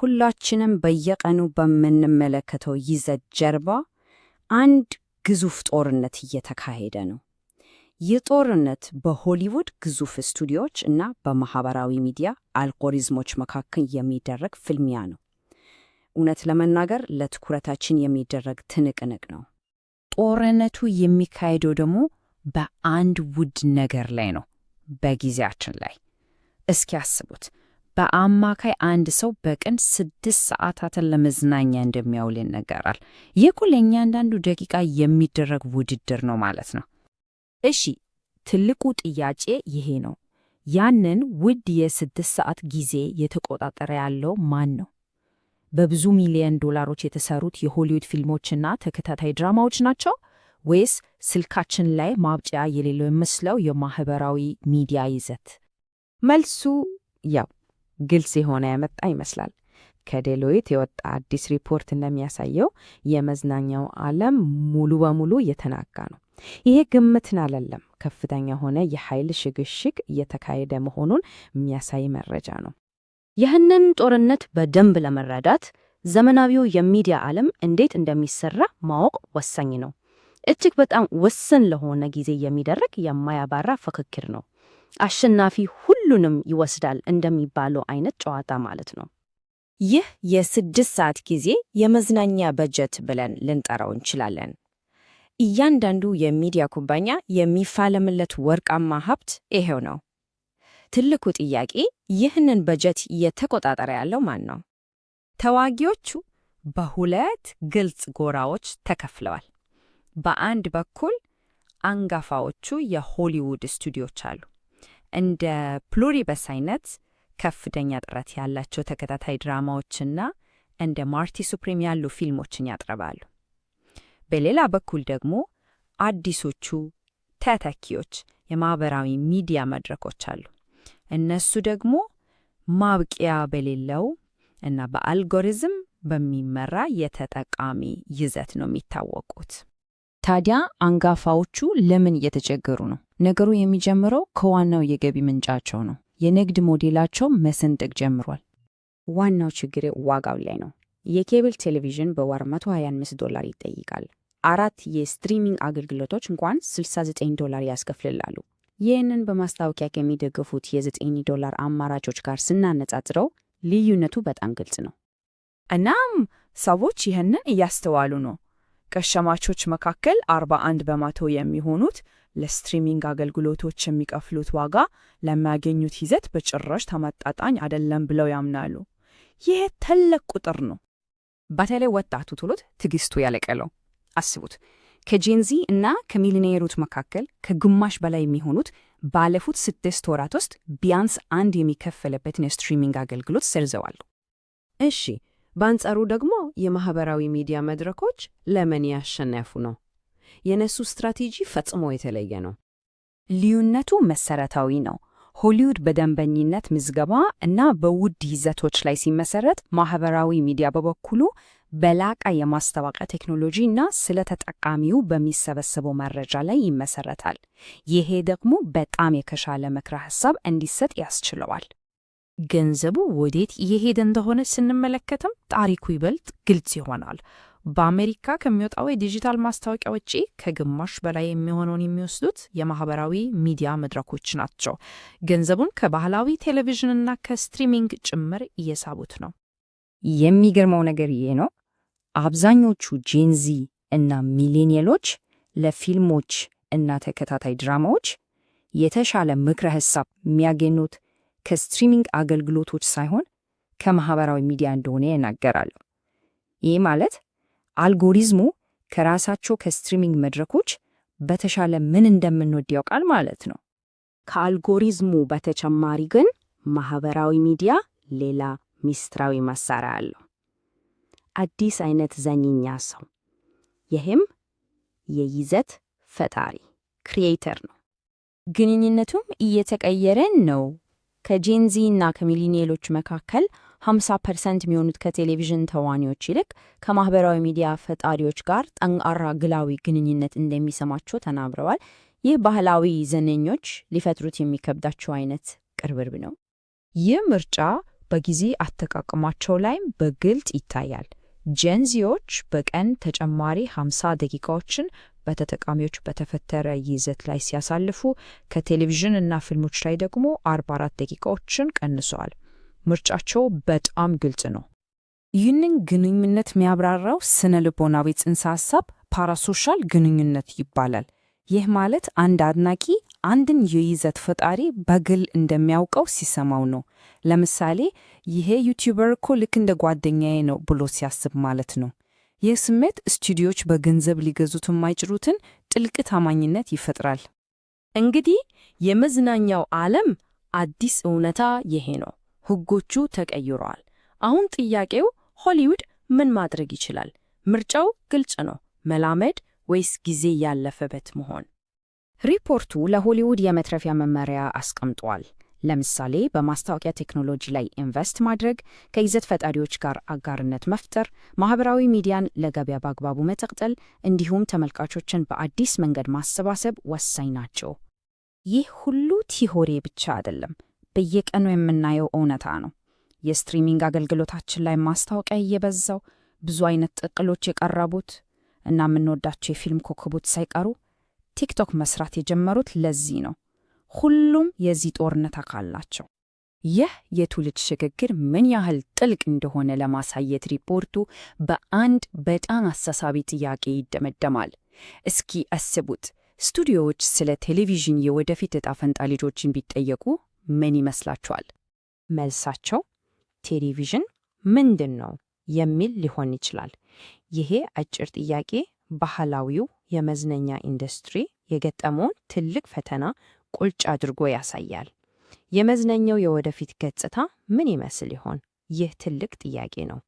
ሁላችንም በየቀኑ በምንመለከተው ይዘት ጀርባ አንድ ግዙፍ ጦርነት እየተካሄደ ነው። ይህ ጦርነት በሆሊውድ ግዙፍ ስቱዲዮዎች እና በማህበራዊ ሚዲያ አልጎሪዝሞች መካከል የሚደረግ ፍልሚያ ነው። እውነት ለመናገር ለትኩረታችን የሚደረግ ትንቅንቅ ነው። ጦርነቱ የሚካሄደው ደግሞ በአንድ ውድ ነገር ላይ ነው፣ በጊዜያችን ላይ። እስኪ አስቡት። በአማካይ አንድ ሰው በቀን ስድስት ሰዓታትን ለመዝናኛ እንደሚያውል ይነገራል። ይህ እኮ ለእያንዳንዱ ደቂቃ የሚደረግ ውድድር ነው ማለት ነው። እሺ ትልቁ ጥያቄ ይሄ ነው። ያንን ውድ የስድስት ሰዓት ጊዜ የተቆጣጠረ ያለው ማን ነው? በብዙ ሚሊዮን ዶላሮች የተሰሩት የሆሊውድ ፊልሞችና ተከታታይ ድራማዎች ናቸው ወይስ ስልካችን ላይ ማብጫ የሌለው የሚመስለው የማህበራዊ ሚዲያ ይዘት? መልሱ ያው ግልጽ የሆነ ያመጣ ይመስላል። ከዴሎይት የወጣ አዲስ ሪፖርት እንደሚያሳየው የመዝናኛው ዓለም ሙሉ በሙሉ እየተናጋ ነው። ይሄ ግምትን አለለም ከፍተኛ የሆነ የኃይል ሽግሽግ እየተካሄደ መሆኑን የሚያሳይ መረጃ ነው። ይህንን ጦርነት በደንብ ለመረዳት ዘመናዊው የሚዲያ ዓለም እንዴት እንደሚሰራ ማወቅ ወሳኝ ነው። እጅግ በጣም ውስን ለሆነ ጊዜ የሚደረግ የማያባራ ፍክክር ነው። አሸናፊ ሁሉንም ይወስዳል እንደሚባለው አይነት ጨዋታ ማለት ነው። ይህ የስድስት ሰዓት ጊዜ የመዝናኛ በጀት ብለን ልንጠራው እንችላለን። እያንዳንዱ የሚዲያ ኩባንያ የሚፋለምለት ወርቃማ ሀብት ይሄው ነው። ትልቁ ጥያቄ ይህንን በጀት እየተቆጣጠረ ያለው ማን ነው? ተዋጊዎቹ በሁለት ግልጽ ጎራዎች ተከፍለዋል። በአንድ በኩል አንጋፋዎቹ የሆሊውድ ስቱዲዮች አሉ። እንደ ፕሉሪበስ አይነት ከፍተኛ ጥራት ያላቸው ተከታታይ ድራማዎችና እንደ ማርቲ ሱፕሪም ያሉ ፊልሞችን ያጥረባሉ። በሌላ በኩል ደግሞ አዲሶቹ ተተኪዎች የማህበራዊ ሚዲያ መድረኮች አሉ። እነሱ ደግሞ ማብቂያ በሌለው እና በአልጎሪዝም በሚመራ የተጠቃሚ ይዘት ነው የሚታወቁት። ታዲያ አንጋፋዎቹ ለምን እየተቸገሩ ነው? ነገሩ የሚጀምረው ከዋናው የገቢ ምንጫቸው ነው። የንግድ ሞዴላቸው መሰንጠቅ ጀምሯል። ዋናው ችግር ዋጋው ላይ ነው። የኬብል ቴሌቪዥን በወር 125 ዶላር ይጠይቃል። አራት የስትሪሚንግ አገልግሎቶች እንኳን 69 ዶላር ያስከፍልላሉ። ይህንን በማስታወቂያ ከሚደግፉት የ9 ዶላር አማራጮች ጋር ስናነጻጽረው ልዩነቱ በጣም ግልጽ ነው። እናም ሰዎች ይህንን እያስተዋሉ ነው። ከሸማቾች መካከል 41 በመቶ የሚሆኑት ለስትሪሚንግ አገልግሎቶች የሚከፍሉት ዋጋ ለሚያገኙት ይዘት በጭራሽ ተመጣጣኝ አይደለም ብለው ያምናሉ። ይህ ትልቅ ቁጥር ነው። በተለይ ወጣቱ ትውልድ ትዕግስቱ ያለቀለው አስቡት። ከጄንዚ እና ከሚሊኔየሮች መካከል ከግማሽ በላይ የሚሆኑት ባለፉት ስድስት ወራት ውስጥ ቢያንስ አንድ የሚከፈለበትን የስትሪሚንግ አገልግሎት ሰርዘዋል። እሺ በአንጻሩ ደግሞ የማህበራዊ ሚዲያ መድረኮች ለምን ያሸነፉ ነው። የነሱ ስትራቴጂ ፈጽሞ የተለየ ነው። ልዩነቱ መሰረታዊ ነው። ሆሊውድ በደንበኝነት ምዝገባ እና በውድ ይዘቶች ላይ ሲመሰረት፣ ማህበራዊ ሚዲያ በበኩሉ በላቀ የማስታወቂያ ቴክኖሎጂ እና ስለ ተጠቃሚው በሚሰበሰበው መረጃ ላይ ይመሰረታል። ይሄ ደግሞ በጣም የከሻለ ምክረ ሀሳብ እንዲሰጥ ያስችለዋል። ገንዘቡ ወዴት እየሄደ እንደሆነ ስንመለከትም ታሪኩ ይበልጥ ግልጽ ይሆናል። በአሜሪካ ከሚወጣው የዲጂታል ማስታወቂያ ውጪ ከግማሽ በላይ የሚሆነውን የሚወስዱት የማህበራዊ ሚዲያ መድረኮች ናቸው። ገንዘቡን ከባህላዊ ቴሌቪዥንና ከስትሪሚንግ ጭምር እየሳቡት ነው። የሚገርመው ነገር ይሄ ነው። አብዛኞቹ ጄንዚ እና ሚሌኒየሎች ለፊልሞች እና ተከታታይ ድራማዎች የተሻለ ምክረ ሀሳብ የሚያገኙት ከስትሪሚንግ አገልግሎቶች ሳይሆን ከማህበራዊ ሚዲያ እንደሆነ ይናገራሉ። ይህ ማለት አልጎሪዝሙ ከራሳቸው ከስትሪሚንግ መድረኮች በተሻለ ምን እንደምንወድ ያውቃል ማለት ነው። ከአልጎሪዝሙ በተጨማሪ ግን ማህበራዊ ሚዲያ ሌላ ሚስጥራዊ መሳሪያ አለው። አዲስ አይነት ዘኝኛ ሰው፣ ይህም የይዘት ፈጣሪ ክሪኤተር ነው። ግንኙነቱም እየተቀየረን ነው። ከጄንዚ እና ከሚሊኒየሎች መካከል 50 ፐርሰንት የሚሆኑት ከቴሌቪዥን ተዋኒዎች ይልቅ ከማህበራዊ ሚዲያ ፈጣሪዎች ጋር ጠንካራ ግላዊ ግንኙነት እንደሚሰማቸው ተናግረዋል። ይህ ባህላዊ ዘነኞች ሊፈጥሩት የሚከብዳቸው አይነት ቅርብርብ ነው። ይህ ምርጫ በጊዜ አጠቃቀማቸው ላይም በግልጽ ይታያል። ጀንዚዎች በቀን ተጨማሪ 50 ደቂቃዎችን በተጠቃሚዎች በተፈጠረ ይዘት ላይ ሲያሳልፉ ከቴሌቪዥን እና ፊልሞች ላይ ደግሞ 44 ደቂቃዎችን ቀንሰዋል። ምርጫቸው በጣም ግልጽ ነው። ይህንን ግንኙነት የሚያብራራው ስነ ልቦናዊ ጽንሰ ሀሳብ ፓራሶሻል ግንኙነት ይባላል። ይህ ማለት አንድ አድናቂ አንድን የይዘት ፈጣሪ በግል እንደሚያውቀው ሲሰማው ነው። ለምሳሌ ይሄ ዩቲዩበር እኮ ልክ እንደ ጓደኛዬ ነው ብሎ ሲያስብ ማለት ነው። ይህ ስሜት ስቱዲዮዎች በገንዘብ ሊገዙት የማይችሉትን ጥልቅ ታማኝነት ይፈጥራል። እንግዲህ የመዝናኛው ዓለም አዲስ እውነታ ይሄ ነው። ሕጎቹ ተቀይረዋል። አሁን ጥያቄው ሆሊውድ ምን ማድረግ ይችላል? ምርጫው ግልጽ ነው። መላመድ ወይስ ጊዜ ያለፈበት መሆን? ሪፖርቱ ለሆሊውድ የመትረፊያ መመሪያ አስቀምጧል። ለምሳሌ በማስታወቂያ ቴክኖሎጂ ላይ ኢንቨስት ማድረግ፣ ከይዘት ፈጣሪዎች ጋር አጋርነት መፍጠር፣ ማህበራዊ ሚዲያን ለገበያ በአግባቡ መጠቅጠል፣ እንዲሁም ተመልካቾችን በአዲስ መንገድ ማሰባሰብ ወሳኝ ናቸው። ይህ ሁሉ ቲሆሬ ብቻ አይደለም፣ በየቀኑ የምናየው እውነታ ነው። የስትሪሚንግ አገልግሎታችን ላይ ማስታወቂያ እየበዛው፣ ብዙ አይነት ጥቅሎች የቀረቡት እና የምንወዳቸው የፊልም ኮከቦች ሳይቀሩ ቲክቶክ መስራት የጀመሩት ለዚህ ነው። ሁሉም የዚህ ጦርነት አካል ናቸው። ይህ የትውልድ ሽግግር ምን ያህል ጥልቅ እንደሆነ ለማሳየት ሪፖርቱ በአንድ በጣም አሳሳቢ ጥያቄ ይደመደማል። እስኪ አስቡት፣ ስቱዲዮዎች ስለ ቴሌቪዥን የወደፊት እጣፈንጣ ፈንታ ልጆችን ቢጠየቁ ምን ይመስላችኋል? መልሳቸው ቴሌቪዥን ምንድን ነው የሚል ሊሆን ይችላል። ይሄ አጭር ጥያቄ ባህላዊው የመዝናኛ ኢንዱስትሪ የገጠመውን ትልቅ ፈተና ቁልጭ አድርጎ ያሳያል። የመዝናኛው የወደፊት ገጽታ ምን ይመስል ይሆን? ይህ ትልቅ ጥያቄ ነው።